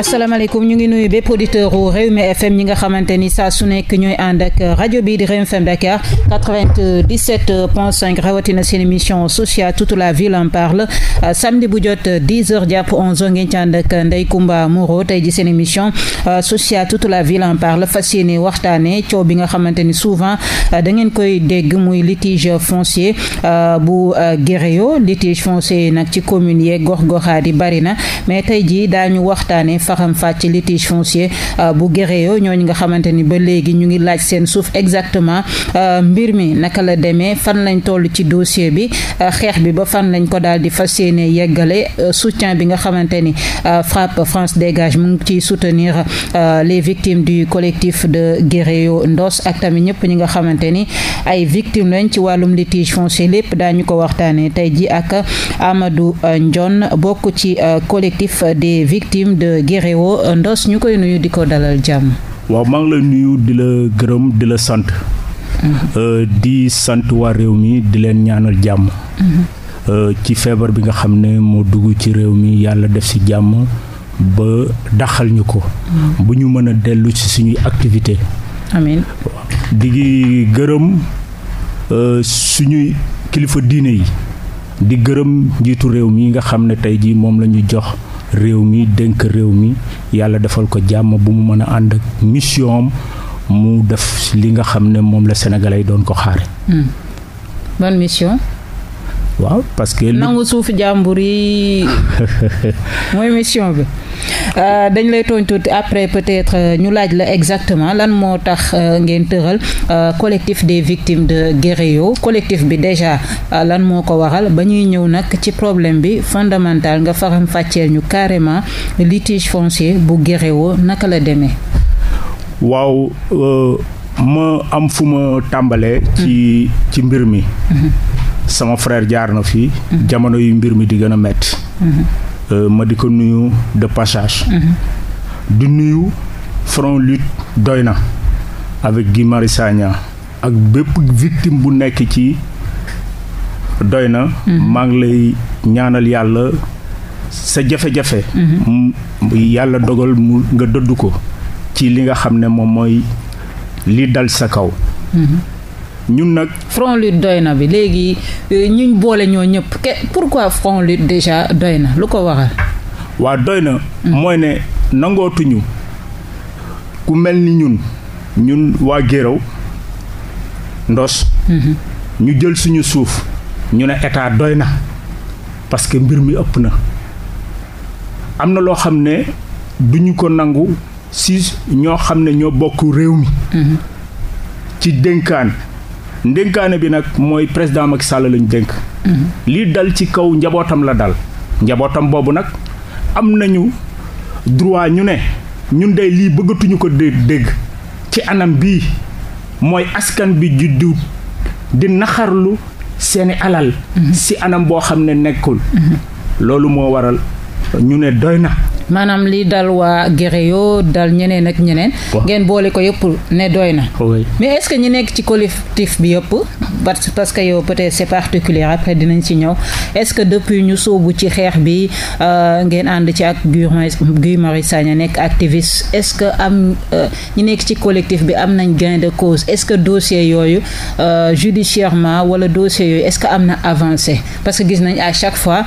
asalaamaaleykum ñu ngi nuyu bépp auditeur u Rewmi FM ñi nga xamante ni saa su nekk ñooy ànd ak rajo bii di Rewmi FM Dakar 97 point 5 rawatina seen émission sociale toute la ville en parle euh, samedi bu jot 10 jàpp 11 heures ngeen ci ànd ak Ndeye Comba Moreau tey ji seen émission euh, sociale toute la ville en parle fas yéene waxtaane coow bi nga xamante ni souvent euh, da ngeen koy dégg muy litige foncier bu Guéréo litige foncier nag ci commune yeeg gox goxaa di bari na mais tey ji daañu waxtaane faxam fàcc litige foncier euh, bu Guéréo ñooñu nga xamante ni ba léegi ñu ngi laaj seen suuf exactement euh, mbir mi naka la demee fan lañ toll ci dossier bi euh, xeex bi ba fan lañ ko daal di fa yéene yeggale soutien bi nga xamante ni FRAPP France dégage mu ngi ciy soutenir les victimes du collectif de Guéréo Ndos ak tamit ñëpp ñi nga xamante ni ay victimes lañ ci wàllum litige foncier lépp daañu ko waxtaanee tey ji ak Amadou Ndione bokk ci collectif des victimes de Guéréo Météo Ndos ñu koy nuyu di ko dalal jàmm. waaw maa ngi la nuyu di la gërëm di la sant. Mhm. Euh, di sant waa réew mi di leen ñaanal jàmm. Mhm. Euh, ci feebar bi nga xam ne moo dugg ci réew mi yàlla def ci jàmm ba daxal ñu ko. Mhm. bu ñu mën a dellu ci suñuy activité amiin di gërëm euh, suñuy kilifa diine yi. di gërëm njiitu réew mi nga xam ne tey jii moom lañu jox. réew mi dénk réew mi yàlla defal ko jàmm bu mu mën a ànd ak mission mu def li nga xam ne moom la sénégalais ay doon ko xaare. Hmm. waaw parce que. nangu suuf jàmbur yi mooy mission bi euh, dañ lay tooñ tuuti après peut-être euh, ñu laaj la exactement lan moo tax euh, ngeen tëral collectif des victimes de Guéréo collectif bi déjà lan moo ko waral ba ñuy ñëw nag ci problème bi fondamental nga faram fàcceel ñu carrément litige foncier bu Guéréo naka la deme waaw ma am fu ma tàmbalee. ci hmm. ci mbir mi. Hmm. sama frère jaar na fi jamono yu mbir mi di gën a metti euh, ma di ko nuyu de passage. du nuyu front lutte doy na avec Guy Marius ak bépp victime bu nekk ci doy na. maa lay ñaanal yàlla sa jafe-jafe. yàlla dogal mu nga dëdd ko ci li nga xam ne moom mooy li dal sa kaw. ñun nag. front lutte doy na bi léegi euh, ñu boole ñoo ñëpp pour pourquoi front lutte déjà doy na lu ko waral. waa doy na. mooy ne nangootuñu ku mel ni ñun ñun waa Géraw ndos. Mhm. ñu jël suñu suuf ñu ne état doy na parce que mbir mi ëpp na am na loo xam ne duñu ko nangu si ñoo xam ne ñoo bokk réew mi. Mhm. ci dénkaan ndénkaane bi nag mooy président Macky Sall lañ dénk. Mm-hmm. lii dal ci kaw njabootam la dal. njabootam boobu nag am nañu droit ñu ne ñun dey lii bëggatuñu ko dégg ci anam bii mooy askan bi juddu di naxarlu seeni alal. Mm-hmm. si anam boo xam ne nekkul. Mm-hmm. loolu moo waral ñu ne doy na. maanaam li dal waa Guéréo dal ñeneen ak ñeneen. ngeen boole ko yëpp ne doy na. mais est-ce que ñi nekk ci collectif bi yëpp. parce que yow peut-être c'est particulier après dinañ ci ñëw est-ce que depuis ñu sóobu ci xeex bi euh, ngeen ànd ci ak Guy Marius Sagna nekk activiste est-ce que am euh, ñi nekk ci collectif bi am nañ gain de cause est-ce que dossier yooyu euh, judiciairement wala dossier yooyu est-ce que am na avancé parce que gis nañ à chaque fois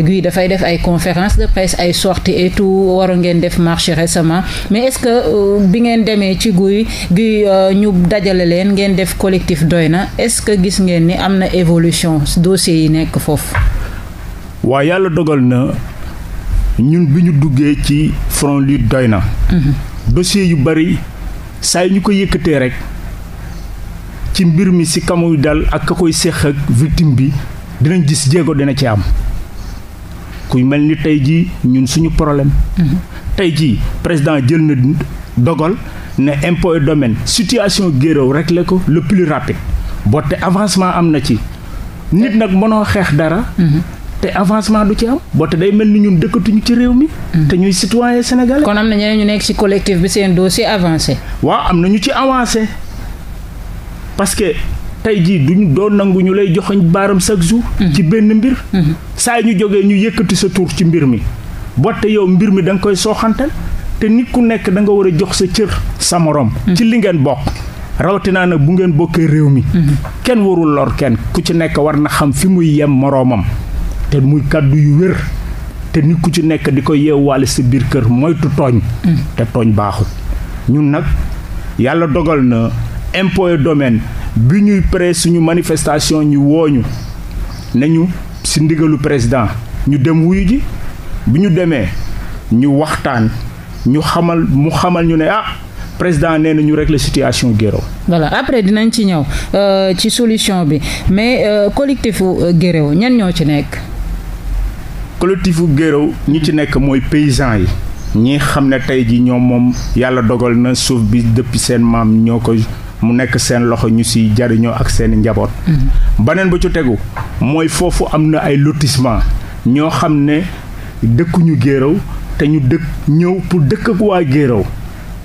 Guy dafay def ay conférences de presse ay sorties et tout waroon ngeen def marché récemment mais est-ce que euh, bi ngeen demee ci guy gi euh, ñu dajale leen ngeen def collectif doy na est-ce que gis ngeen ni am na évolution dossier yi nekk foofu. waaw yàlla dogal na ñun bi ñu duggee ci front lutte doy na. Mhm. dossier yu bari saa yu ñu ko yëkkatee rek ci mbir mi si kamuy dal ak ka koy seq ak victime bi dinañ gis jéego dina ci am. ku mel ni tey jii ñun suñu problème. tey jii président jël na dogal ne impôt et domaine situation Guéréo réglé ko le plus rapide boo te avancement am na ci. nit nag mënoo xeex dara. te avancement du ci am. boo te day mel ni ñun dëkkatuñu ci réew mi. te ñuy citoyen sénégalais. kon am na ñeneen ñu nekk ci collectif bi seen dossier avancé. waaw am na ñu ci avancé parce tey jii duñu doon nangu ñu lay joxoñ baaram chaque jour. Mm-hmm. ci benn mbir. Mm-hmm. saa ñu jógee ñu yëkkati sa tur ci mbir mi. boote yow mbir mi danga koy sooxantal te nit ku nekk danga war a jox sa cër sa morom. Mm-hmm. ci li ngeen bokk. rawatinaa nag bu ngeen bokkee réew mi. kenn warul lor kenn ku ci nekk war na xam fi muy yem moroomam te muy kàddu yu wér te nit ku ci nekk di koy yeewaale sa biir kër moytu tooñ. te tooñ baaxul ñun nag yàlla dogal na impôt domaine bi ñuy pree suñu manifestation ñu wooñu nañu ci ndigalu président ñu dem wuyu ji bi ñu demee ñu waxtaan ñu xamal mu xamal ñu ne ah président nee na ñu régler situation Guéréo. voilà après dinañ ci ñëw euh, ci solution bi mais euh, collectifu euh, Guéréo ñan ñoo ci nekk. collectifu Guéréo ñu ci nekk mooy paysans yi. ñi xam ne tey ji ñoom moom yàlla dogal na suuf bi depuis seen maam ñoo ko mu nekk seen loxo ñu si jariñoo ak seen njaboot. Mm-hmm. beneen bu ci tegu mooy foofu am na ay lotissement ñoo xam ne dëkkuñu géeraw te ñu dëkk ñëw pour dëkk ak waa géeraw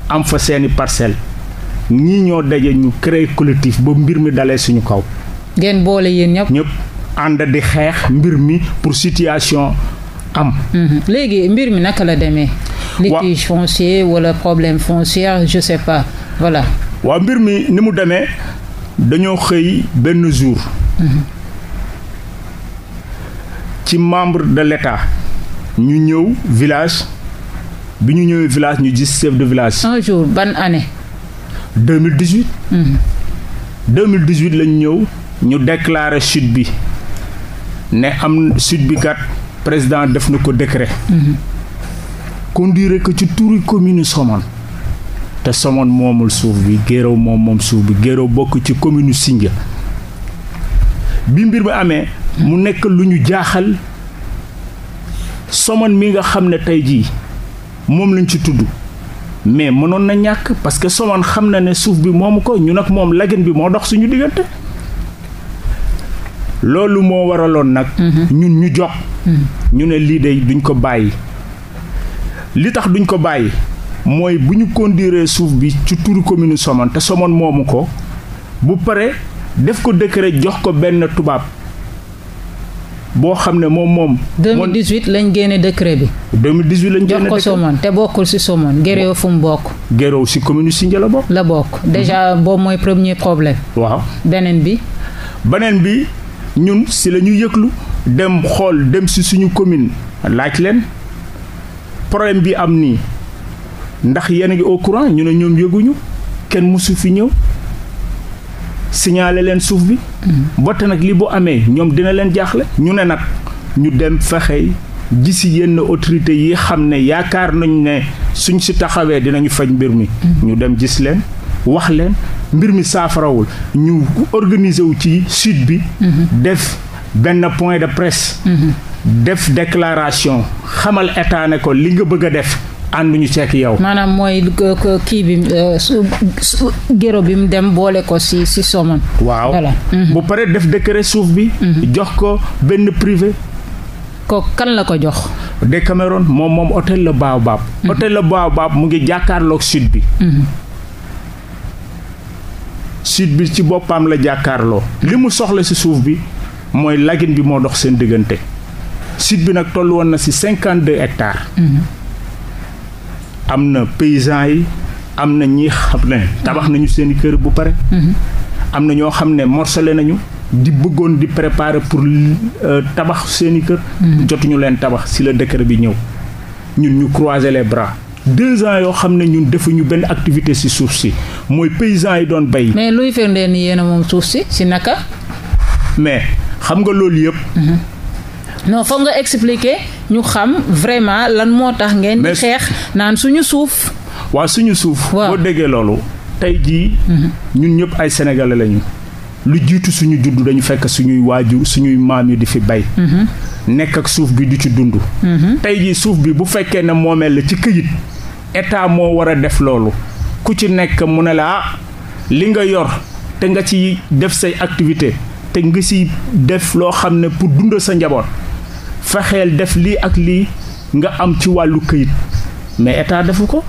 am fa seeni parcelle ñii ñoo daje ñu créer collectif ba mbir mi dalee suñu kaw. ngeen boole yéen ñëpp. ñëpp ànd di xeex mbir mi pour situation am. Mm-hmm. léegi mbir mi naka la demee. litige foncier wala problème foncier je sais pas voilà. waa mbir mi ni mu demee dañoo xëy benn jour ci membre de l'État ñu ñëw village bi ñu ñëwee village ñu gis de village. un jour ban année. 2018. 2018 mm-hmm. lañ ñëw ñu déclaré chute bi ne am chute bi kat président def na ko décret. Mm-hmm. conduire ko ci turu commune Somone. te Somone moomul suuf bi Guéréo moom moom suuf bi Guéréo bokk ci commune Sindia bi mbir mi amee mu nekk lu ñu jaaxal Somone mi nga xam ne tey jii moom lañ ci tudd mais mënoon na ñàkk parce que Somone xam na ne suuf bi moomu ko ñu nag moom lagin bi moo dox suñu diggante loolu moo waraloon nag mhm. ñun ñu jox mhm. ñu ne lii de duñ ko bàyyi li tax duñ ko bàyyi mooy bu ñu conduire suuf bi ci turu commune Somone te Somone moomu ko bu pare def ko décret jox ko benn tubaab boo xam ne moom moom. 2018 lañ génne décret bi. 2018 lañ génne décret jox ko Somone te bokkul ci Somone Guéréo fu mu bokk. Guéréo ci commune Sindia la bokk. la bokk déjà mhm. boobu mooy premier problème. waaw beneen bi. beneen bi ñun si la ñu yëglu dem xool dem ci suñu commune laaj leen problème bi am nii. ndax yéen a ngi au courant ñu ne ñoom yëguñu kenn mësu fi ñëw signaler leen suuf bi. Mm-hmm. botte nag li bu amee ñoom dina leen jaaxle. ñu ne nag ñu dem fexey gisi yenn autorités yi xam ne yaakaar nañ ne suñ si taxawee dinañu faj mbir mi. Mm-hmm. ñu dem gis leen wax leen mbir mi saafarawul ñu organiser wu ci sud bi. Mm-hmm. def benn point de presse. def déclaration xamal état ne ko li nga bëgg a def. ñu ceek yow. maanaam mooy euh, kii bi euh, géro bi mu dem boole ko si si somam. waaw bu mhm. paree def décret suuf bi. Mhm. jox ko benn privé. ko kan la ko jox. de Decameron moom moom hôtel Le Baobab. Mhm. la Le Baobab mu ngi jàkkaarlook sud bi. sud bi ci boppam la jàkkaarloo. li mu soxla si suuf bi mooy lagine bi moo dox seen diggante. sud bi nag toll woon na si cinquante deux hectares. am na paysans yi am na ñi xam ne tabax nañu seen i kër bu pare. Mm-hmm. am na ñoo xam ne morcelé nañu. di bëggoon di préparer pour euh, tabax seen i kër. Mm-hmm. jotuñu leen tabax si la décret bi ñëw ñun ñu croiser les bras. deux ans yoo xam ne ñun defuñu benn activité si suuf si mooy paysans yi doon béy. mais luy firndee ni yéen a moom suuf si si naka. mais xam nga loolu yëpp. Mm-hmm. non foog nga expliquer. ñu xam vraiment lan moo tax ngeen. di xeex naan suñu suuf. waa suñu suuf. boo déggee loolu. tey jii. Mhm. ñun ñëpp ay sénégalais lañu. lu jiitu suñu juddu dañu fekk suñuy waajur suñuy maam yi di fi bay. Mhm. nekk ak suuf bi du ci dund. Mhm. tey jii suuf bi bu fekkee na moomeel la ci këyit état moo war a def loolu ku ci nekk mu ne la ah, li nga yor te nga ci def say activité te nga ci def loo xam ne pour dundal sa njaboot. fexeel def lii ak lii nga am ci wàllu këyit mais état defu ko.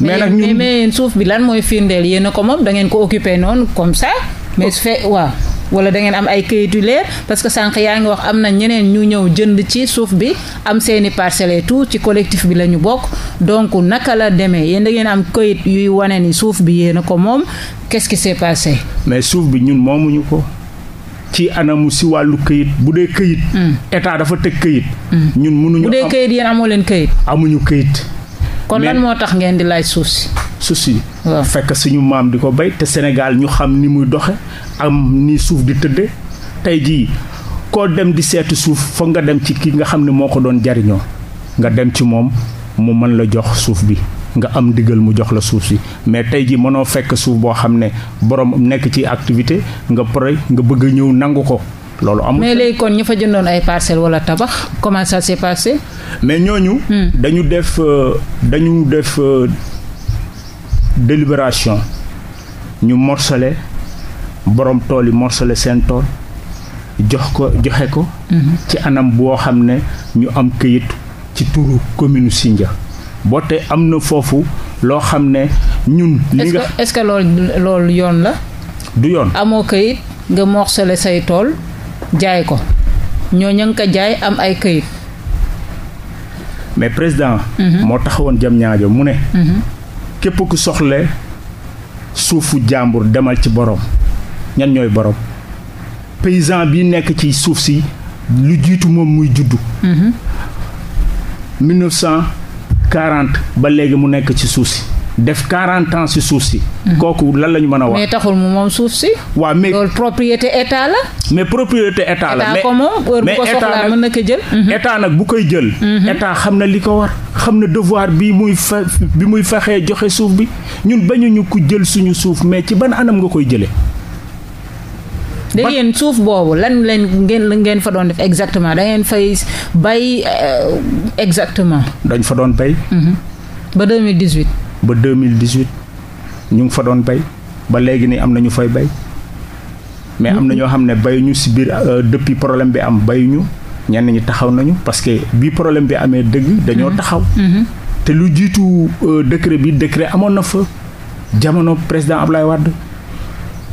mais nag ñun mais suuf bi lan mooy firndeel yéen a ko moom dangeen ngeen ko occupé noonu comme ça. mais su fe waaw wala da ngeen am ay këyit yu leer parce que sànq yaa ngi wax am na ñeneen ñu ñëw jënd ci suuf bi am seeni parcelles tout ci collectif bi la ñu bokk donc naka la demee yéen da ngeen am këyit yuy wane ni suuf bi yéen a ko moom qu'est-ce qui mais suuf bi ñun moomuñu ko. ci anamu si wàllu këyit bu dee këyit. Hmm. état dafa teg këyit. Hmm. ñun mënuñu am bu dee këyit yéen amoo leen këyit. amuñu këyit. kon lan moo tax ngeen di laaj suuf si. suuf si. waaw fekk suñu maam di ko béy te Sénégal ñu xam ni muy doxe am ni suuf di tëdde tey jii koo dem di seeti suuf foog nga dem ci kii nga xam ne moo ko doon jariñoo nga dem ci moom mu mën la jox suuf bi. nga am ndigal mu jox la suuf si mais tey ji mënoo fekk suuf boo xam ne borom nekk ci activité nga pare nga bëgg ñëw nangu ko loolu amul mais léegi kon ñi fa jëndoon ay parcelles wala tabax comment ça s'est passé. mais ñooñu. Hmm. dañu def euh, dañu def euh, délibération ñu morcelé borom tool yi morcelé seen tool jox ko joxe ko. Hmm. ci anam boo xam ne ñu am kayit ci turu commune Sindia. boote am na foofu loo xam ne ñun. li nga est-ce que loolu loolu yoon la. du yoon amoo kayit nga morcelé say tool jaay ko ñoo ña nga ko jaay am ay kayit. mais président. Mhm. moo taxawoon jam ñaajo mu ne. Mhm. képp ku soxle suufu jàmbur demal ci borom ñan ñooy borom paysan bi nekk ci suuf si lu jiitu moom muy juddu. Mhm. 40 ba léegi mu nekk ci suuf si def 40 ans ci suuf si. Mm-hmm. kooku lan la ñu mën a wax. mais taxul mu moom suuf si. waaw mais loolu propriété état la. mais propriété état la mais mais état nag mm-hmm. état nag bu koy jël. Mm-hmm. état xam na li ko war. xam na devoir bi muy fa bi muy faxee joxe suuf bi ñun bañuñu ko jël suñu suuf mais ci ban anam nga koy jëlee. léegi yéen suuf boobu lan leen ngeen ngeen fa doon def exactement da ngeen fay bay euh, exactement. dañ fa doon bay. Mhm. ba 2018. ba 2018 ñu ngi fa doon bay ba léegi nii am na ñu fay bay mais am na ñoo xam ne ñu si biir euh, depuis problème bi am bayuñu ñenn ñi taxaw nañu parce que bi problème bi amee dëgg. dañoo mhm. taxaw. Mhm. te lu jiitu euh, décret bi décret amoon na fa jamono président Ablaye Wade.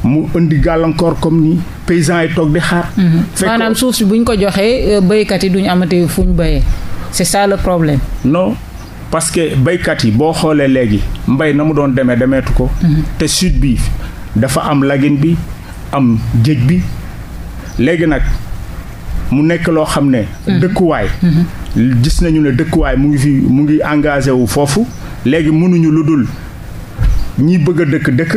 mu indi gàllankoor comme nii paysans yi toog di xaar. Mhm. fekk maanaam suuf si bu ñu ko joxee euh, béykat yi duñu amati fu ñu béyee c'est ça le problème. no parce que béykat yi boo xoolee léegi mbay na mu doon demee demeetu ko. Mhm. te sud bi dafa am lagine bi am jéej bi léegi nag mu nekk loo xam ne. Mhm. dëkkuwaay. gis nañu ne dëkkuwaay mu ngi fi mu ngi engagé wu foofu léegi mënuñu lu dul ñi bëgg a dëkk dëkk.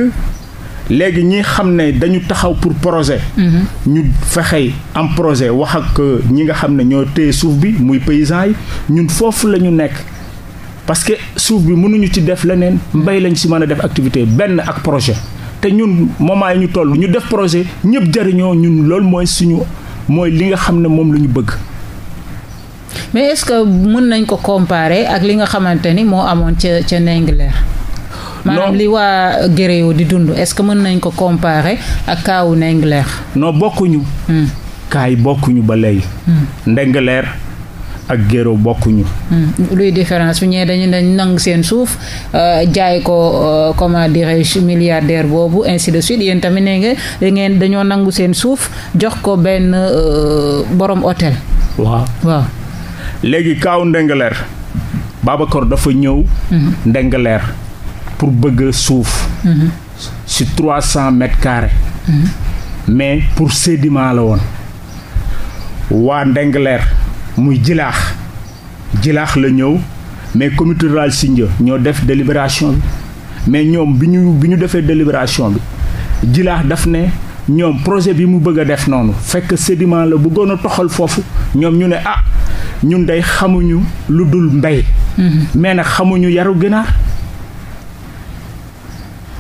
léegi ñi xam ne dañu taxaw pour projet. Mhm. ñu fexey am projet wax ak euh, ñi nga xam ne ñoo téye suuf bi muy paysans yi ñun foofu la ñu nekk. parce que suuf bi mënuñu ci def leneen mbay lañ si mën a def activité benn ak projet te ñun moment yi ñu toll ñu def projet ñëpp jëriñoo ñun loolu mooy suñu mooy li nga xam ne moom la ñu bëgg. mais est-ce que mën nañ ko comparer ak li nga xamante ni moo amoon ca ca Ndingler. maanaam li waa Guéréo di dund est-ce que mën nañ ko comparer ak kaawu Ndingler noo bokkuñu hmm. kaay bokkuñu ba léegi hmm. Ndingler ak Guéréo bokkuñu hmm. luy différence bi ñee dañu dañ nangu seen suuf euh, jaay ko euh, comment dirais-je milliardaire boobu ainsi de yéen tamit ne nga ngeen dañoo nangu seen suuf jox ko benn euh, borom hôtel waaw waaw léegi kaaw Ndingler Babacar dafa ñëw Ndingler pour bëgg suuf. si trois cent mètres carrés. mais pour sédiment la woon. waa Ndengler muy jilaax jilaax la ñëw mais comité rural Sindia ñoo def délibération bi mais ñoom bi ñu bi ñu defee délibération bi jilaax daf ne ñoom projet bi mu bëgg a def noonu fekk sédiment la bëggoon a toxal foofu ñoom ñu ne ah ñun day xamuñu lu dul mbay mhm. mais nag xamuñu yaru ginaar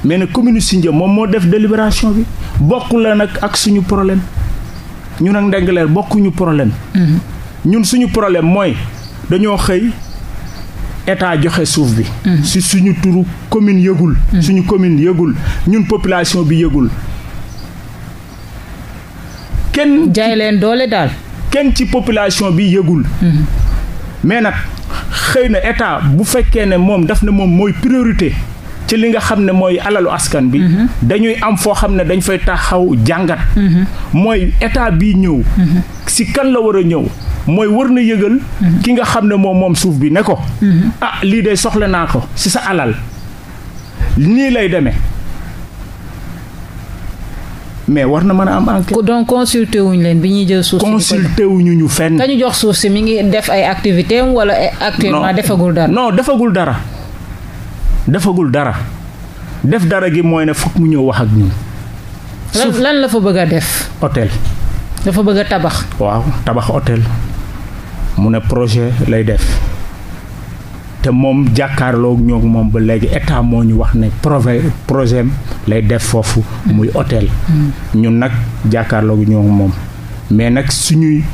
mais nag commune Sindia moom moo def délibération bi bokkul la nag ak suñu problème ñun ak Ndingler bokkuñu problème. Mm-hmm. ñun suñu problème mooy dañoo xëy état joxe suuf bi. Mm-hmm. si suñu turu commune yëgul. Mm-hmm. suñu commune yëgul ñun population bi yëgul. kenn jaay leen doole daal. kenn ci population bi yëgul. mais nag xëy na état bu fekkee ne moom daf na moom mooy priorité. ci li nga xam ne mooy alalu askan bi mhm. dañuy am foo xam ne dañ fay taxaw jàngat mhm. mooy état bii ñëw mhm. si kan la war a ñëw mooy war na yëgal ki nga xam ne moom moom suuf bi ne ko ah lii de soxla naa ko si sa alal nii lay demee mais war na mën a am enquête. donc consulté wuñ leen bi ñuy jël suuf si. consulté wuñu ñu fenn. ka jox suuf si mi ngi def ay activité wala eh, actuellement defagul dara. noo defagul dara. defagul dara def dara gi mooy ne foog mu ñëw wax ak ñun. suuf lan la fa bëgg a def. hôtel. dafa bëgg a tabax. waaw tabax hôtel mu ne projet lay def te moom jàkkaarloog ñoo moom ba léegi état moo ñu wax ne projet projet lay def foofu muy hôtel. Mm. ñun nag jàkkaarloog ñoo moom mais nag suñuy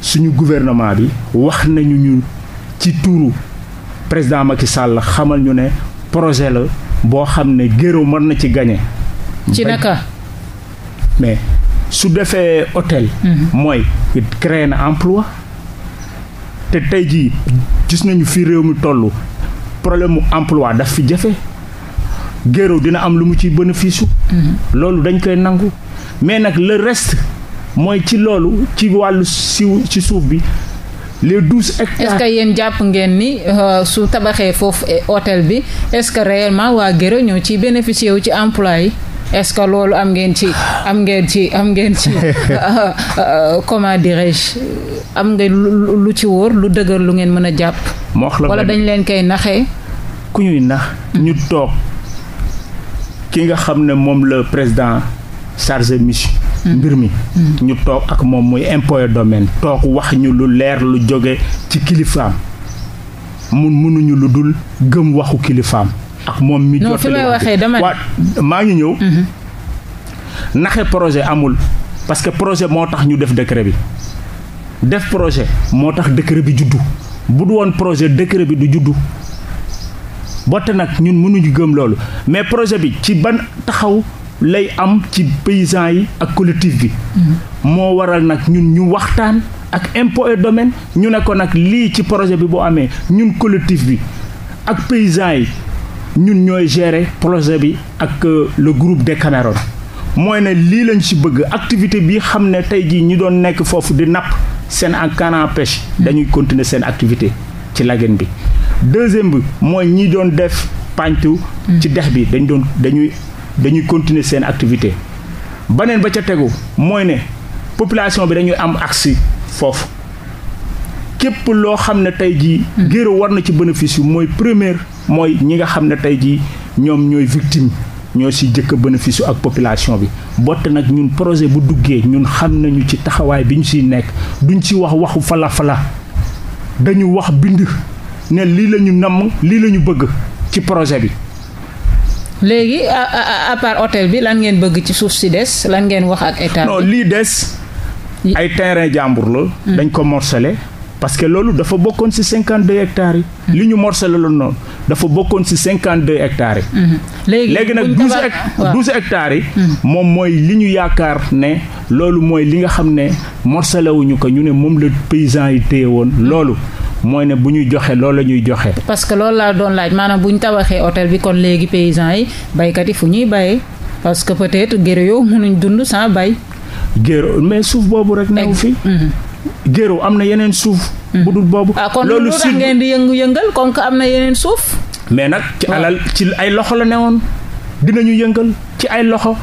suñu gouvernement bi wax nañu ñu ci tuuru. président Macky Sall xamal ñu ne projet la boo xam ne Guéréo mën na ci gagné. ci naka. mais su defee hôtel. Mhm. mooy it créé na emploi te tey jii gis nañu fi réew mi toll problème mu emploi daf fi jafe Guéréo dina am lu mu ci bénéfice su. Mhm. loolu dañ koy nangu mais nag le reste mooy ci loolu ci wàllu siw ci suuf bi. les douze hectares. est-ce jàpp ngeen ni euh, su tabaxee foofu otel eh, bi est-ce que réellement waa Guéréo ñoo ciy bénéficier wu ci emploi yi. est-ce que loolu am ngeen ci am ngeen ci am ngeen ci euh, comment dirais-je am ngeen lu ci wóor lu dëgër lu ngeen mën a jàpp. wala dañ leen koy naxee. ku ñuy nax ñu hmm. toog ki nga xam ne moom la président chargé mission. mbir mi mm. ñu toog ak moom muy impôt domaine toog wax ñu lu leer lu jóge ci kilifaam mun mënuñu lu dul gëm waxu kilifaam ak moom mi jottali waa maa ngi ñëw mm-hmm. naxe projet amul parce que projet moo tax ñu def décret bi def projet moo tax décret bi juddu bu du woon projet décret bi du juddu botte nag ñun mënuñu gëm loolu mais projet bi ci ba taxaw lay am ci paysan yi ak collectif bi moo waral nag ñun ñu waxtaan ak impôt et domaine ñu ne ko nag lii ci projet bi boo amee ñun collectif bi ak paysan yi ñun ñooy gere projet bi ak euh, le groupe de Cameroun mooy ne lii lañ ci bëgg activité bi xam ne tey jii ñi doon nekk foofu di napp seen en canne pêche dañuy continuer seen activité ci lagen bi deuxième bi mooy ñi doon def pàntu ci dex bi dañ doon dañuy dañuy continuer seen activité beneen ba ca tegu mooy ne population bi dañuy am accès foofu képp loo xam ne tey jii mm. géro war na ci bénéfice yu mooy première mooy ñi nga xam ne tey jii ñoom ñooy victime ñoo si jëkk bénéfice ak population bi botte nag ñun projet bu duggee ñun xam nañu ci taxawaay bi ñu siy nekk duñ si wax waxu fala fala dañu wax bind ne lii lañu ñu namm lii la ñu bëgg ci projet bi léegi à part hôtel bi lan ngeen bëgg ci suuf si des lan ngeen wax ak état. non lii des. ay terrain jàmbur la. Hmm. dañ ko morcelé. parce que loolu dafa bokkoon ci cinquante hectares yi. Hmm. li ñu morcelé la noonu dafa bokkoon ci cinquante deux hectares yi. Hmm. léegi nag douze hec douze yi. moom mooy li ñu yaakaar ne loolu mooy li nga xam ne morcelé wuñu ko ñu ne moom la paysan yi téye woon loolu. mooy ne bu ñuy joxe loolu la ñuy joxe. parce que loolu laa doon laaj maanaam bu ñu tabaxee hôtel bi kon léegi paysans yi baykat yi fu ñuy bayee parce que peut yow géréo mënuñ dund sans bay. géréo mais suuf boobu rek. newu fi mhm. géréo am na yeneen suuf. Mhm. bu dul boobu. Ah, loolu si kon ngeen di yëngu-yëngal kon am na yeneen suuf. mais nag ci alal ci ay loxo la newoon ñu yëngal ci ay loxo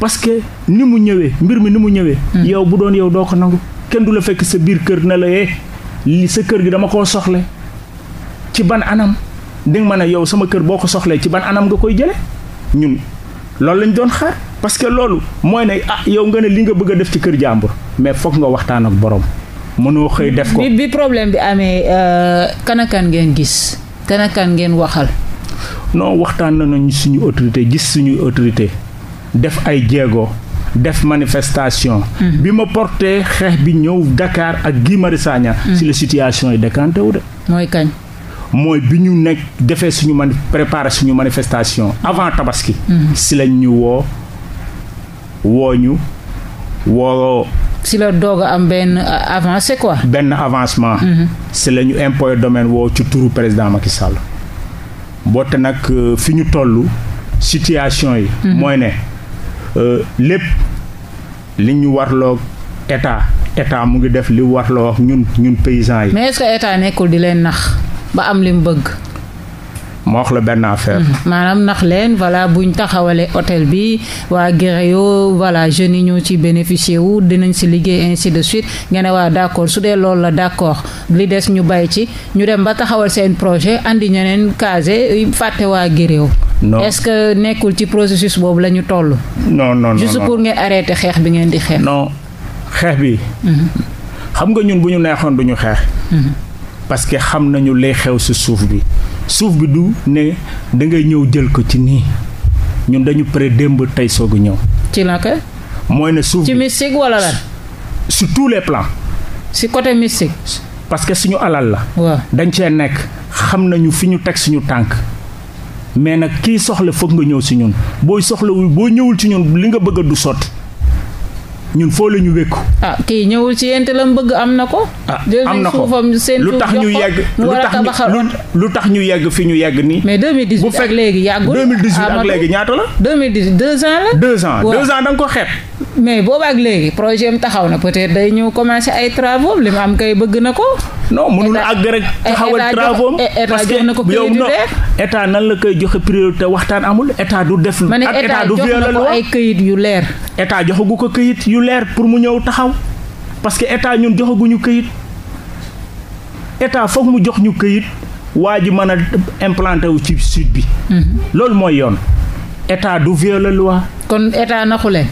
parce que ni mu ñëwee mbir mi ni mu ñëwee. Mhm. yow bu doon yow doo ko nangu kenn du la fekk sa biir kër na la yee eh, li sa kër gi dama koo soxle ci ban anam di nga mën a yow sama kër boo ko soxlee ci ban anam nga koy jële ñun loolu lañ doon xaar parce que loolu mooy ne ah yow nga ne li nga bëgg a def ci kër jàmbur mais foog nga waxtaan ak borom mënoo xëy def ko. bi bi problème bi amee euh, kanakaan ngeen gis kanakaan ngeen waxal. non waxtaan nañu suñu autorité gis suñuy autorité def ay jéego. def manifestation. bi ma porté xeex bi ñëw dakaar ak Guy Marius mm. si la situation yi décanté wu de. mooy kañ. mooy bi ñu nekk defee suñu man préparé suñu manifestation avant tabaski. Mm. si lañ ñu woo woo ñu woo. si la doog am benn avancé ko benn avancement. Mm-hmm. si la ñu impôt domaine woo ci turu président Macky Sall. boote nag euh, fi ñu toll situation yi. Mm-hmm. mooy ne. Euh, lépp li ñu warloo état état mu ngi def li warloo ñun ñun paysans yi. mais est-ce nekkul di leen nax ba am li mu bëgg. ma wax la benn affaire. Mm-hmm. maanaam nax leen voilà buñ taxawalee hôtel bi waa Guéréo voilà jeunes yi ñoo ci bénéficier wu dinañ si liggéey ainsi de suite nga ne waa d' accord su dee loolu la d' accord li des ñu bay ci ñu dem ba taxawal seen projet andi ñeneen casé fàtte waa Guéréo. non est-ce que nekkul ci processus boobu la ñu toll. noon non non juste pour ngeen arrêter xeex bi ngeen di xeex. non xeex bi. Mhm. xam nga ñun bu ñu neexoon du ñu xeex. Mhm. parce que xam nañu lay xew si suuf bi suuf bi du ne da ngay ñëw jël ko ci nii ñun dañu pare démb tey soog ñëw. ci naka. mooy ne suuf bi ci mystique wala lan. sur tous les plans. si côté mystique. parce que suñu alal la. dañ cee nekk xam nañu fi ñu teg suñu tànk. mais nag kii soxla foog nga ñëw si ñun booy soxlawul boo ñëwul ci ñun li nga bëgg du sotti ñun foo la ñu wékku. ah kii ñëwul ci yéen la mu bëgg am na ko. ah am na ko lu tax ñu yegg lu lu tax ñu yegg fi ñu yegg nii. mais 2018 ak léegi yàggul. 2018 ak ah, léegi ñaata la. 2018 deux ans la. deux ans deux ans da nga ko xeeb. mais booba ak léegi projet am taxaw na peut-être day ñëw commencer ay travaux li mu am kay bëgg na ko. non mënul àgg rek taxawal travaux parce que yow non état nan la koy joxe priorité waxtaan amul état du def ak état du violer loi ay këyit yu leer état joxagu ko këyit yu leer pour mu ñëw taxaw parce que état ñun joxaguñu këyit état foog mu jox ñu këyit waa ji mën a implanté wu ci sud bi mhm. loolu mooy yoon état du violer loi kon état naxule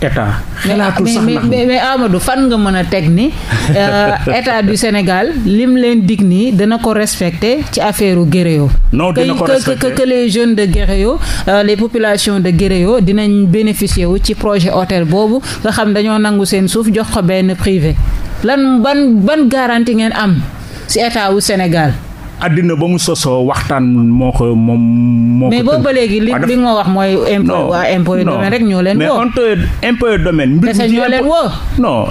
état. xalaatu sax mais mais mais Amadou fan nga mën a teg ni euh, état du Sénégal lim leen dig nii dana ko respecter ci affaire Guéréo. non dina ko respecter que les jeunes de Guéréo euh, les populations de Guéréo dinañ bénéficier wu ci projet hôtel boobu nga xam dañoo nangu seen suuf jox ko benn privé lan ban ban garantie ngeen am ci état wu Sénégal. àddina ba mu sosoo waxtaan moo ko moom moo ko. ba léegi li li nga wax mooy. impôt waa impôt et rek ñoo leen mais entre impôt et mi ñoo leen woo. non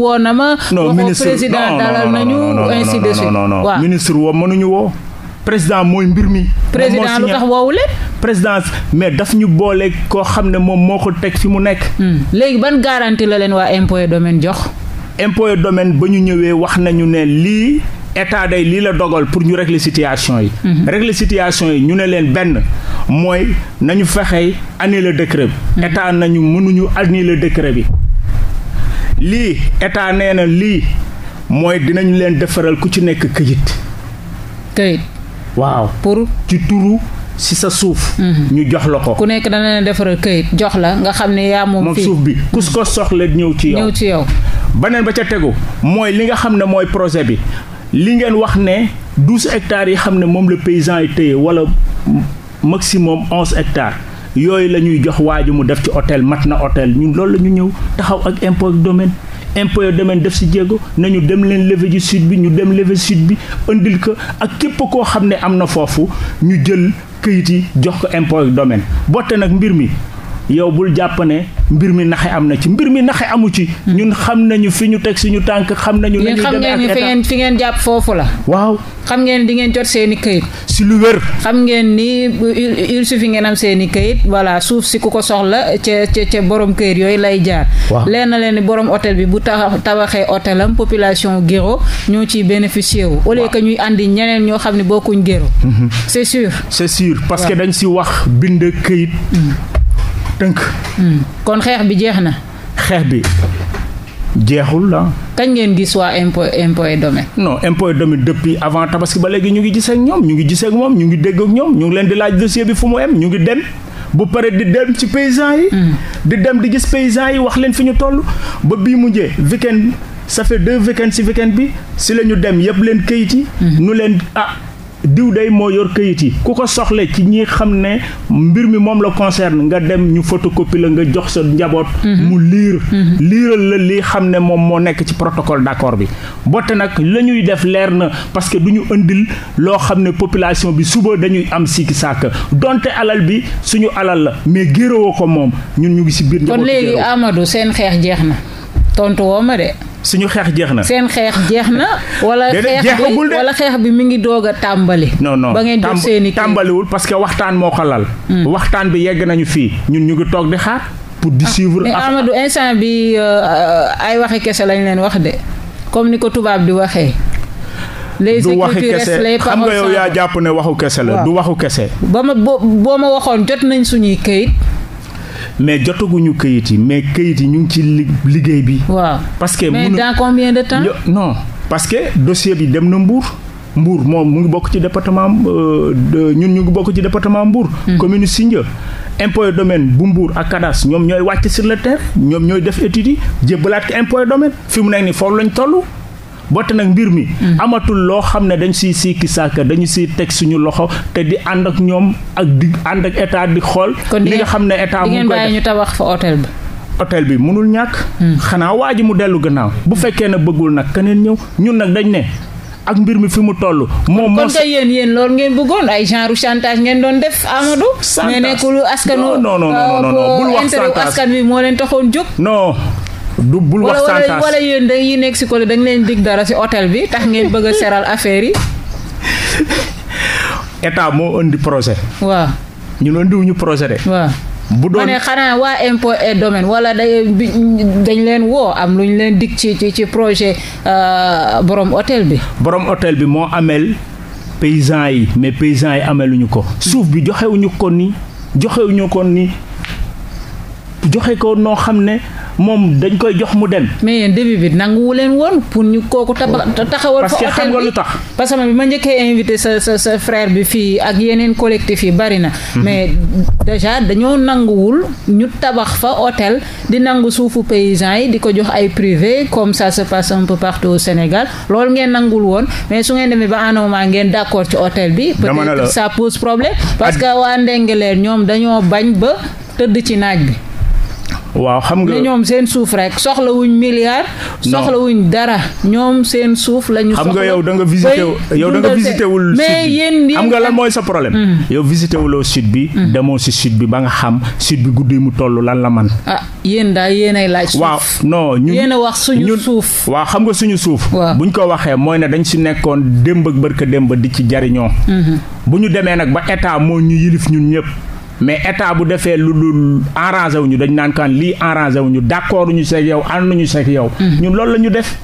woo na ma. non ministre président dalal nañu ainsi woo mënuñu woo. président mooy mbir mi. président lu tax woowu mais daf boole koo xam ne moom moo ko teg fi mu nekk. Hmm. léegi ban garantie la leen waa impôt et domaine jox. impôt et domaine ba ñu ñëwee wax nañu ne lii. état day lii la dogal pour ñu régler situation yi. Mhm. régler situation yi ñu ne leen benn mooy nañu fexey annuler décret bi. Mhm. état nañu mënuñu annuler décret bi lii état nee na lii mooy dinañu leen defaral ku ci nekk këyit. këyit. waaw pour ci turu. si sa suuf. Mhm. ñu jox la ko. ku nekk dana leen defaral këyit jox la nga xam ne yaa moom. fii suuf bi ku ko soxla ñëw ci yow. ñëw ci yow. beneen ba ca tegu mooy li nga xam ne mooy projet bi li ngeen wax ne douze hectares yi xam ne moom la paysan yi téye wala maximum onze hectares yooyu la ñuy jox waaju mu def ci hôtel mat na hôtel ñun loolu la ñu ñëw taxaw ak impôt domaine impôt domaine def si jéego nañu dem leen lever ji sud bi ñu dem lever sud bi indil ko ak képp koo xam ne am na foofu ñu jël këyit yi jox ko impôt domaine botte nag mbir mi yow bul jàpp ne mbir mi naxe am na ci mbir mi naxe amu ci. ñun xam nañu fi ñu teg suñu tànk xam nañu. la ñuy demee ak fi ngeen jàpp foofu la. waaw xam ngeen di ngeen jot seeni kayit si lu wér. xam ngeen ni il suffit ngeen am seen i këyit voilà suuf si ku ko soxla ca ca borom këyit yooyu lay jaar. waaw leen na leen ni borom hôtel bi bu tax tabaxee hôtelam population Guéro ñoo ci bénéficier wu. au que ñuy àndi ñeneen ñoo xam ne bokkuñ Guéro. Mhm. c'est sûr. c'est sûr parce que dañ si wax bind këyit. Mhm. tënk. Hmm. kon xeex bi jeex na. xeex bi jeexul la ah. kañ ngeen gis waa impôt impôt et domaine. non impôt et domaine depuis avant tabaski ba léegi ñu ngi gisee ak ñoom ñu ngi gisee ak moom ñu ngi dégg ak ñoom ñu ngi leen di laaj dossier bi fu mu em ñu ngi dem. bu paree di dem ci paysan yi. Hmm. di dem di gis paysans yi wax leen fi ñu toll ba bii mujjee weekend ça fait deux weekend si weekend bi si la ñu dem yëpp leen kayit yi. Hmm. nu leen ah diw day moo yor këyit yi ku ko soxle ci ñi xam ne mbir mi moom la concerne nga dem ñu photocopie la nga jox sa njaboot mhm. mu liir mhm. liiral la li xam ne moom moo nekk ci protocole d'accord bi boote nag la ñuy def leer na parce que du ñu indil loo xam ne population bi suba dañuy am sikki sàkk donte alal bi suñu alal la mais gérowo ko moom ñun ñu ngi si biir kon léegi Amadou seen xeex jeex na tontu woo ma de suñu xeex jeex na. seen xeex jeex na. wala xeex bi wala mi ngi doog a tàmbali. non non ba ngeen jot seen i tàmbaliwul parce que waxtaan moo ko hmm. waxtaan bi yegg nañu fii. ñun ñu ngi toog di xaar. pour di ah, suivre mais Amadou instant bi euh, euh, ay waxi kese lañ leen wax de comme ni ko tubaab di waxee. les du waxi kese xam yow yaa jàpp ne waxu kese la du waxu kese. ba ma boo ma waxoon jot nañ suñuy kayit. mais jotaguñu këyit yi mais këyit yi ñu ngi ci liggéey bi. waaw parce que. mais dans combien de temps. non parce que dossier bi dem na Mbour. Mbour moom mu ngi bokk ci département euh, ñun ñu ngi bokk ci département Mbour. Hmm. commune Sindia. impôt et domaine bu mbur ak CADAS ñoom ñooy wàcc sur le ñoom ñooy def étude yi jébbalaat ko impôt et domaine fi mu nekk nii foofu lañ toll. botte nag mbir mi. Mm. amatul loo xam ne dañu si sikki sàkk dañu siy teg suñu loxo te di ànd ak ñoom ak di ànd ak état di xool. li nga xam ne état mu ngeen bàyyi ñu tabax fa hôtel bi. hôtel bi mënul ñàkk. Mm. xanaa waa ji mu dellu gannaaw. bu fekkee ne bëggul nag keneen ñëw ñun nag dañ ne. ak mbir mi fi mu toll. moom moo kon kay yéen yéen loolu ngeen bëggoon ay genre chantage ngeen doon def Amadou. chantage mais nekkul askanu. non non non non euh, bul wax chantage askan moo leen taxoon jóg. non du bul wax santaas wala yi nekk si ko dañ leen dig dara si hôtel bi tax ngeen bëgg seral affaire yi. état moo indi projet. waaw ñun indiwuñu projet de. waaw bu doon ma xanaa waa impôt et domaine wala day dañ leen woo am lu ñu leen dig ci ci ci projet euh, borom hôtel bi. borom hôtel bi moo ameel paysan yi mais paysans yi ameeluñu ko. suuf bi joxewuñu ko ni joxewuñu ko ni joxe ko noo xam ne. moom dañ koy jox mu dem. mais yéen bi nanguwu leen woon pour ñu kooku. taxawal fa hôtel bi parce que xam lu tax. parce que man ma njëkkee invité sa sa sa frère bi fii ak yeneen collectif yi bari na. Mhm. mais déjà dañoo nanguwul ñu tabax fa otel di nangu suufu paysans yi di ko jox ay privé comme ça se passe un peu partout Sénégal loolu ngeen nanguwul woon mais su ngeen demee ba à un moment ngeen d'accord ci hôtel bi. peut-être ça pose problème parce que waa Ndingler ñoom dañoo bañ ba tëdd ci naaj bi. waaw xam nga ñoom seen suuf rek soxlawuñ milliard. soxlawuñ dara ñoom seen suuf lañu. soxla xam nga yow da nga visité yow da nga visité wul. mais yéen xam nga lan mooy sa problème. Hmm. yow visité wuloo bi. Hmm. demoo si sud bi ba nga xam sud bi guddi mu toll lan la man ah yéen daal yéenay laaj. suuf waaw non ñun yéen a wax suñu suuf. waaw xam nga suñu suuf. bu buñ ko waxee mooy na dañu si nekkoon démb ak barka démb di ci jariñoo. Hmm. bu ñu demee nag ba état moo ñu yilif ñun ñëpp. mais état bu defee lu lu arrangé wu ñu dañ naan kan lii arrangé wu ñu d'accord ñu seeg yow ànd ñu seeg yow. Mm. ñun loolu la ñu def.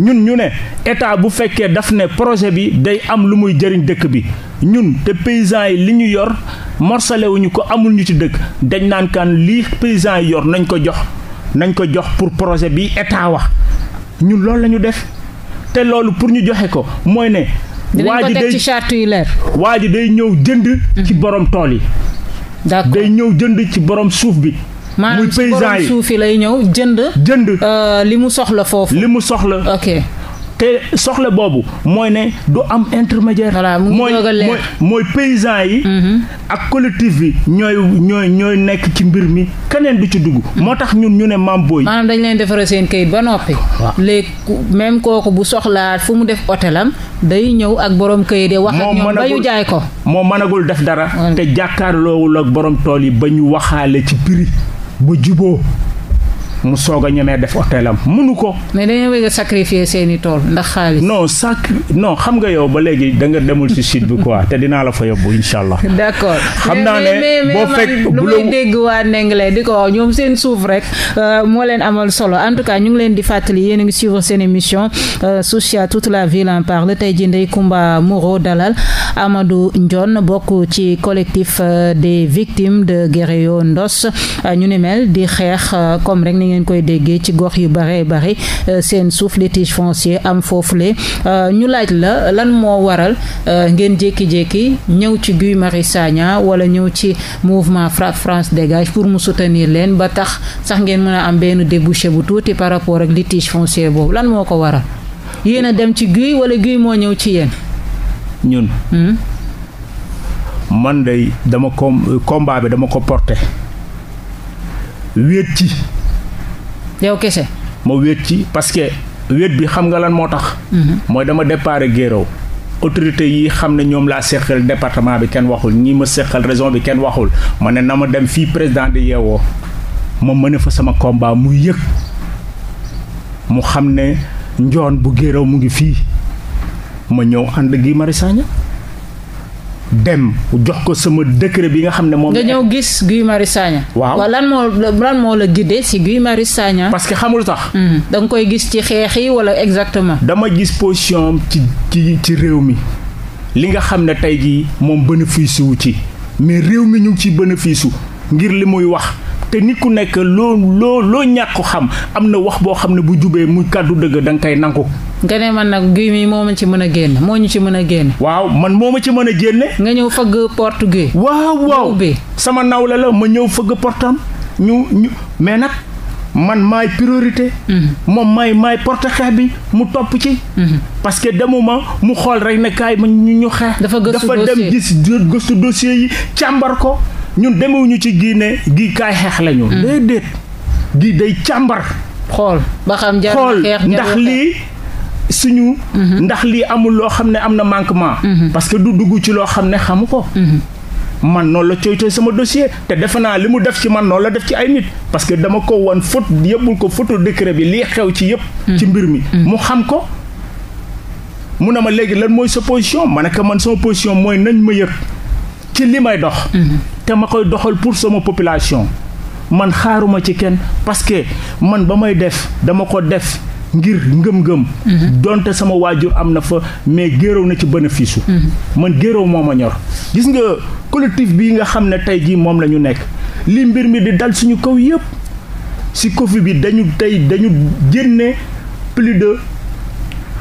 ñun ñu ne état bu fekkee daf ne projet bi day am lu muy jëriñ dëkk bi ñun te paysans yi li ñu yor morcelé wuñu ko amul ñu ci dëkk dañ naan kan lii paysans yi yor nañ ko jox nañ ko jox pour projet bi état wax ñun loolu la ñu def te loolu pour ñu joxe ko mooy ne. waa ji day waa ji day ñëw jënd. Mm. ci borom tool yi. d'accord day ñëw jënd ci borom suuf bi. muy paysan yi ci borom suuf lay ñëw jënd. jënd euh, li mu soxla foofu. li mu soxla. ok te soxla boobu mooy ne du am intermédiaire mooy mooy paysan yi mm-hmm. ak collectif bi ñooy ñooy ñooy nekk ci mbir mi keneen du ci dugg mm-hmm. moo tax ñun ñu ne maam booy maanaam dañ leen defaral seen kayit ba noppi léegi même kooku bu soxlaa fu mu def otelam day ñëw ak borom kayit yi wax ak ñoom ba ñu jaay ko moo mënagul def dara te jàkkaarloowul ak borom tool yi ba ñu waxaale ci prix bu juboo mu soog a ñemee def hôtelam mënu ko. mais dañoo a sacrifier seen i tool ndax xaalis. non sac non xam nga yow ba léegi da nga demul ci sud bi quoi te dinaa la fa yóbbu incha allah. d' accord xam naa ne boo fekk bu may dégg waa di ko wax ñoom seen suuf rek euh, moo leen amal solo en tout cas ñu ngi leen di fàttali yéen a ngi suivre seen émission euh, sociale toute la ville en parle tey jii Ndeye kumba Moreau dalal Amadou Ndione bokk ci collectif euh, des victimes de Guereo Ndos ñu ni mel di xeex comme rek. ngeen koy déggee ci gox yu bare bare euh, seen suuf litige foncier am foofule euh, ñu laaj la lan moo waral euh, ngeen jékki-jékki ñëw ci Guy Marius Sagna wala ñëw ci mouvement FRAPP France dégage pour mu soutenir leen ba tax sax ngeen mën a am benn débouché bu tuuti par rapport ak litige foncier boobu lan moo ko waral yéen a dem ci Guy walla Guy moo ñëw ci yéen. ñun. Hmm? man day dama ko bi dama ko porté wéet ci. yow kese. ma wéet ci parce que wéet bi xam nga lan moo tax. Mhm. mooy dama départ Guéréo autorité yi xam ne ñoom laa seqal département bi kenn waxul ñi ma seqal région bi kenn waxul ma ne na ma dem fii président di yeewoo ma mën fa sama combat mu yëg mu xam ne njoon bu Guéréo mu ngi fii ma ñëw ànd gi Mari Sagna dem jox ko sama décret bi nga xam ne moom. nga ñëw gis Guy mari Sagna. waaw lan moo lan moo la guidé si Guy Marius Sagna. parce que xamul tax. Hmm. da nga koy gis ci xeex yi wala exactement. dama gis position ci ci ci réew mi li nga xam ne tey jii moom bénéfice wu ci mais réew mi ñu ngi ciy bénéfice wu ngir li muy wax. te nit ku nekk loo loo loo ñàkku xam am na wax boo xam ne bu jubee muy kàddu dëgg da nga nangu. nga ne man nag guy mi moo ma ci mën a génn moo ñu ci mën a génn. waaw man moo ma ci mën a génne. nga ñëw fëgg portugais. waaw waaw sama nawle la ma ñëw fëgg portam ñu ñu mais nag man maay priorité. Mhm. moom maay maay porte xeex bi mu topp ci. Mhm. parce que demuma mu xool rek ne kaay ma ñu ñu xeex. dafa gëstu dossier dafa dem gis gëstu dossier yi càmbar ko. ñun demewuñu ci giine ne gii kaay xeex la ñu. Mm. déedéet gii day càmbar. xool ba xam xool ndax lii suñu. Mm-hmm. ndax lii amul loo xam ne am na manquement. Mm-hmm. parce que du dugg ci loo xam ne xamu ko. Mm-hmm. man noonu la coytoy sama dossier te defe naa li mu def ci man noonu la def ci ay nit parce que dama ko wan faute yëppul ko photo décret bi lii xew ci yëpp. ci mbir mi mu xam ko. mun ne ma léegi lan mooy sa position ma ne man sama position mooy nañ ma yëg ci li may dox. te ma koy doxal pour sama population man xaaruma ci kenn parce que man ba may def dama ko def ngir ngëm-ngëm. Mhm. donte sama waajur am na fa mais géeroo na ci bénéfice mhm. man géeroo moo ma ñor. gis nga collectif bi nga xam ne tey jii moom la ñu nekk li mbir mi di dal suñu kaw yëpp si Covid bi dañu tey dañu génne plus de.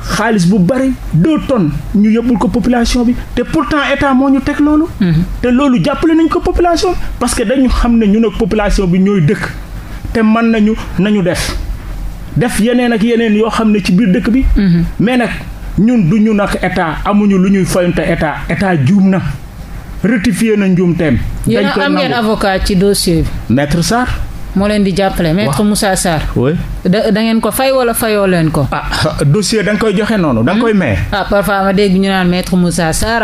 xaalis bu bari doo tonnes ñu yóbbul ko population bi te pourtant état moo ñu teg loolu. Mhm. te loolu jàppale nañ ko population bi parce que dañu xam ne ñun ak population bi ñooy dëkk te man nañu nañu def def yeneen ak yeneen yoo xam ne ci biir dëkk bi. Mhm. mais nag ñun du ñu nag état amuñu lu ñuy fayante état état juum na rectifier na njuumteem. dañ ko am ngeen avocat ci dossier bi. maître Sarr. moo leen di jàppale maître Moussa Sarr. oui da da ko fay wala fayoo leen ko. ah dossier da nga koy joxe noonu da nga koy hmm? maye. ah parfois ma dégg ñu naan maître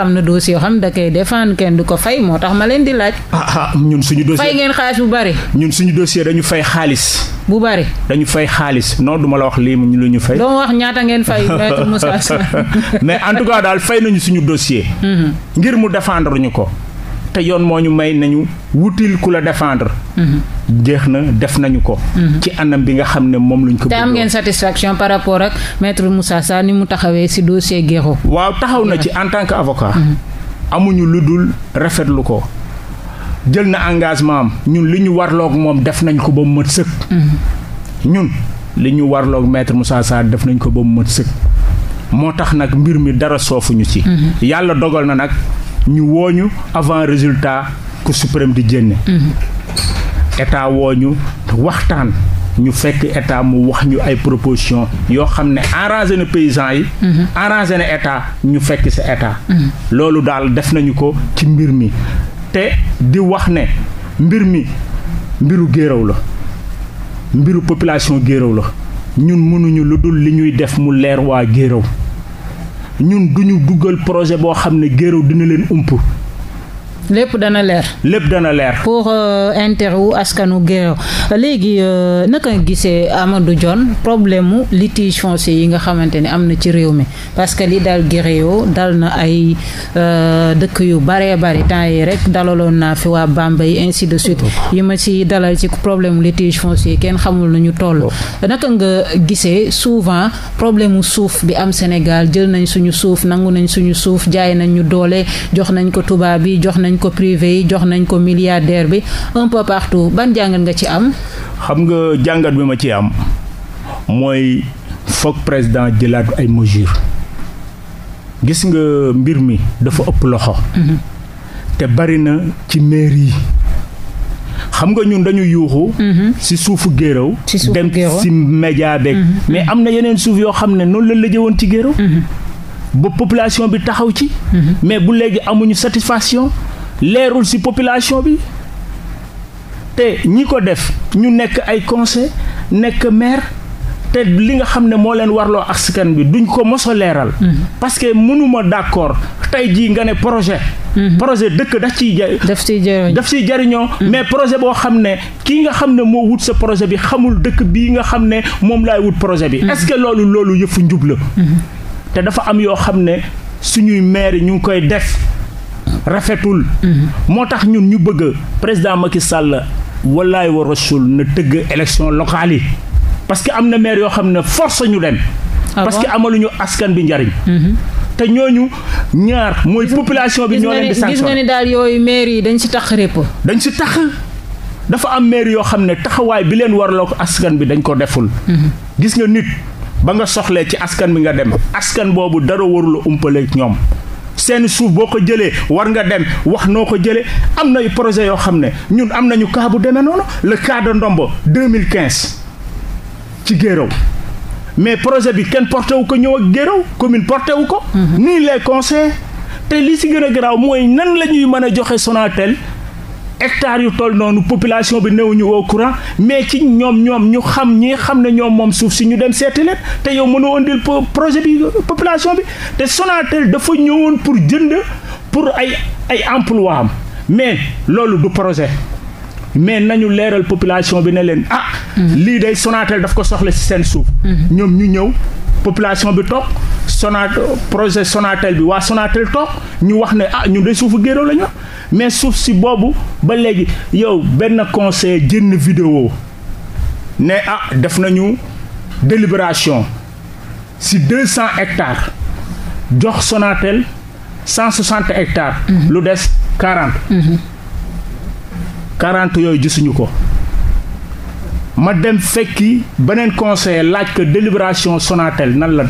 am na dossier yoo xam da koy défendre kenn du ko moo tax ma leen di laaj. Ah, ah, ñun suñu dossier fay ngeen xaalis bu bari. ñun suñu dossier dañu fay xaalis. bu bari dañu fay xaalis non duma la wax lii ñu lu ñu fay. doo wax ñaata ngeen fay maître Moussa Sarr. mais en tout cas daal fay nañu suñu dossier. Hmm. ngir mu défendre ñu ko. te yoon moo ñu may nañu wutil ku la défendre. Mhm. jeex na def nañu ko. Mhm. ci anam bi nga xam ne moom lañ ko. te am ngeen satisfaction par rapport ak maître Moussa Sarr ni mu taxawee ci dossier Guéro. waaw taxaw na ci en tant que avocat. Mhm. amuñu lu dul rafetlu ko. jël na engagement am ñun li ñu warloog moom def nañ ko ba mu mët sëkk. ñun li ñu warloog maître Moussa saa def nañ ko ba mu mët sëkk. moo tax nag mbir mi dara soofuñu ci. yàlla dogal na nag. ñu wooñu avant résultat Cour suprême di génne état wooñu waxtaan ñu fekk état mu wax ñu ay proposition yoo xam ne arrangé na paysans yi arrangé na état ñu fekk sa état loolu daal def nañu ko ci mbir mi te di wax ne mbir mi mbiru géeraw la mbiru population géeraw la ñun mënuñu lu dul li ñuy def mu leer waa géeraw ñun du ñu duggal projet boo xam ne géréw dina leen ump lépp dana leer. lépp dana leer. pour euh, interview askanu Guéréo léegi euh, naka nga gisee Amadou Dione problème mu litige foncier yi nga xamante ni am na ci réew mi parce que li dal Guéréo dal na ay euh, dëkk yu baree bari temps yi rek dalaloon naa fi waa Bambey ainsi de suite yi ma ci dalal ci problème litige foncier kenn xamul nu ñu toll. naka nga gise souvent problème mu suuf bi am Sénégal jël nañ suñu suuf nangu nañ suñu suuf jaay nañ ñu doole jox nañ ko tubaab bi jox nañ ko privé yi jox nañ ko milliardaire bi un peu partout ban jàngat nga ci am. xam nga jàngat bi ma ci am mooy foog président jëlaat ay mesures gis nga mbir mi dafa ëpp loxo. Mhm. te bari na ci mairie yi. xam nga ñun dañu yuuxu. Mhm. si suufu géeraw. si suufu géeraw dem si média beeg. Mhm. mais am na yeneen suuf yoo xam ne noonu la lëjë woon ci géeraw. ba population bi taxaw ci. mais bu léegi amuñu satisfaction. leerul ci population bi te ñi ko def ñu nekk ay conseil nekk maire te li nga xam ne moo leen warloo askan bi duñ ko mos leeral. Mhm. parce que mënuma d'accord tey jii nga ne projet. Mhm. projet dëkk daf ciy ja. daf ciy daf ciy jariñoo mhm. mais projet boo xam ne kii nga xam ne moo wut sa projet bi xamul dëkk bii nga xam ne moom laay wut projet bi. est-ce que loolu loolu yëfu njub te dafa am yoo xam ne suñuy maire ñu ngi koy def. rafetul. moo tax ñun ñu bëgg président Macky Sall wallaay wa rasul na tëgg élection locale yi parce que am na maire yoo xam ne force ñu dem. Ah parce que amaluñu askan bi njariñ. Mhm. te ñooñu ñaar mooy population bi ñoo leen di sanction gis nga ni daal yooyu maire yi dañ si tax répp dañ si tax dafa am maire yoo xam ne taxawaay bi leen warloo ko askan bi dañ ko deful mhm. gis nga nit ba nga soxlee ci askan bi nga dem askan boobu dara warula umpale ñoom seen suuf boo ko jëlee war nga dem wax noo ko jëlee am na nay projet yoo xam ne ñun am nañu cas bu demee noonu le cas de Ndombo 2015 ci Guéréo mais projet bi kenn porté wu ko ñëw ak Guéréo commune porté wu ko. Mhm. nii les conseils te li si gën a garaaw mooy nan la ñuy mën a joxe Sonatel hectares yu toll noonu population bi néewuñu oo courant mais ci ñoom ñoom ñu xam ñi xam ne ñoom moom suuf si ñu dem seeti leen te yow mënoo indil projet bi population bi te Sonatel dafa ñëwoon pour jënd pour ay ay emploi am mais loolu du projet mais nañu leeral population bi ne leen ah. Mhm. lii day Sonatel daf ko soxla ci seen suuf. Mhm. ñoom bi toog. Sonat projet bi waa Sonatel toog ñu wax ne ah ñun de suufu géeroo la ñu mais suuf si boobu ba léegi yow benn conseil jënn vidéo ne ah def nañu délibération si deux cent hectares jox Sonatel cent soixante hectares. Mhm. lu des quarante. Mhm. quarante yooyu gisuñu ko. ma dem fekki beneen conseil laaj ko délibération Sonatel nan la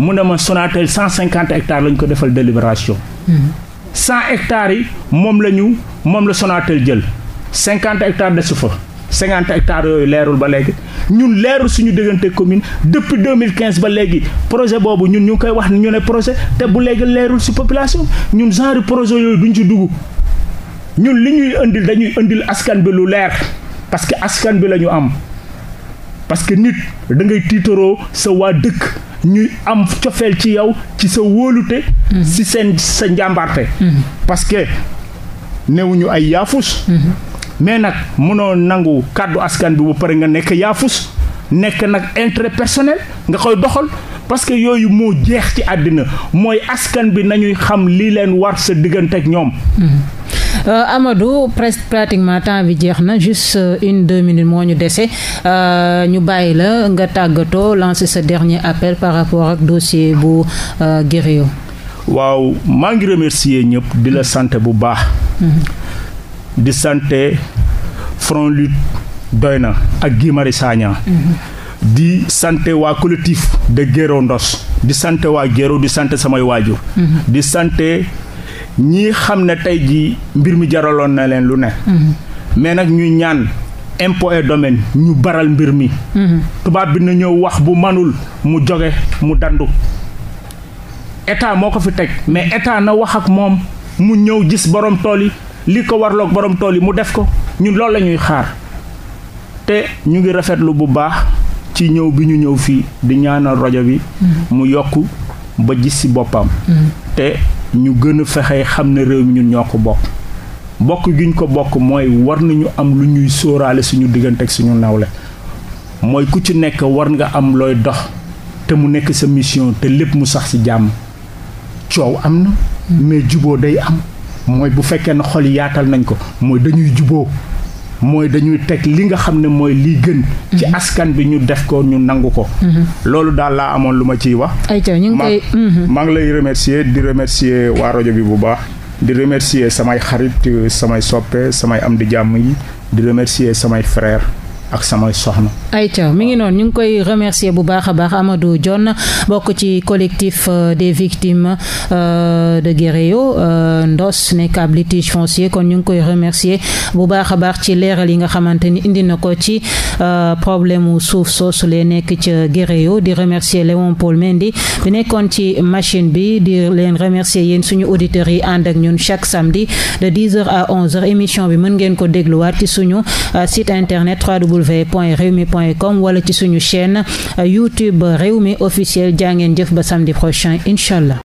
mu ne ma Sonatel cent cinquante hectares lañ ko defal délibération. Mhm. cent hectares yi moom la ñu moom la Sonatel jël cinquante hectares desu fa cinquante hectares yooyu leerul ba léegi ñun leerul suñu déggante commune dëpp deux mille quinze ba léegi projet boobu ñun ñu ngi koy wax ñu ne projet te bu léegi leerul si population ñun genre projet yooyu duñ ci dugg ñun li ñuy indil dañuy indil askan bi lu leer parce que askan bi la ñu am parce que nit da ngay tiitaroo sa waa dëkk. ñuy am cofeel ci yow ci sa wóolute si mm-hmm. seen sa njàmbarte mm-hmm. parce que newuñu ay yaafus mm-hmm. mais nag mënoo nangu kàddu askan bi ba pare nga nekk yaafus nekk nag intérêt personnel nga koy doxal parce que yooyu moo jeex ci àddina mooy askan bi nañuy xam li leen war sa diggante ak ñoom Euh, Amadou presque pratiquement temps bi jeex na juste euh, une deux minutes moo ñu dese euh, ñu bàyyi la nga tàggatoo lancer sa dernier appel par rapport ak dossier bu Guéréo waaw maa ngi remercier ñëpp di la sant bu baax. Mm-hmm. di sant Front Lutte doy na ak Guy Marius mm-hmm. di sant waa collectif de Guéréo Ndos di sant waa Guéréo di sant samay waajur mm-hmm. di sant ñii xam ne tey jii mbir mi jaraloon na leen lu ne. Mm-hmm. mais nag ñu ñaan impôt et domaine ñu baral mbir mi. Mm-hmm. tubaab bi na ñëw wax bu manul mu joge mu dandu. état moo ko fi teg mais état na wax ak moom mu ñëw gis borom tool yi li ko warloog borom tool yi mu def ko ñu loolu la ñuy xaar te ñu ngi rafetlu bu baax ci ñëw bi ñu ñëw fii di ñaanal rajo bi. Mm-hmm. mu yokk ba gis ci boppam. te ñu gën a fexe xam ne réew mi ñun ñoo ko bokk bokk gi ñu ko bokk mooy war nañu am lu ñuy sóoraale suñu diggante ak suñu nawle mooy ku ci nekk war nga am looy dox te mu nekk sa mission te lépp mu sax ci jàmm coow am na mais juboo day am mooy bu fekkee ne xol yaatal nañ ko mooy dañuy juboo mooy dañuy teg li nga xam ne mooy lii gën. ci mhm. askan bi ñu def ko ñu nangu ko. Mhm. loolu daal laa amoon lu ma ciy wax. ayca ñu ngi mhm. maa ngi lay remercier di remercier waa rajo bi bu baax. di remercier samay xarit samay soppe samay am di jàmm yi di remercier samay frère ak samay soxna. ayca mi ngi noonu ñu ngi koy remercier bu baax a baax Amadou Dione bokk ci collectif euh, des victimes euh, de Guéréo euh, Ndos nekk ab litige foncier kon ñu ngi koy remercier bu baax a baax ci leeral yi nga xamante ni indi na ko ci problème mu suuf soosu lee nekk ca Guéréo di remercier Léon Paul Mendy bi nekkoon ci machine bi di leen remercier yéen suñu auditeurs yi ànd ak ñun chaque samedi de 10h à 11 émission bi mën ngeen ko dégluwaat ci suñu site internet www.rewmi.com wala ci suñu chaîne euh, YouTube Rewmi officiel jaa ngeen jëf ba samedi prochain incha allah.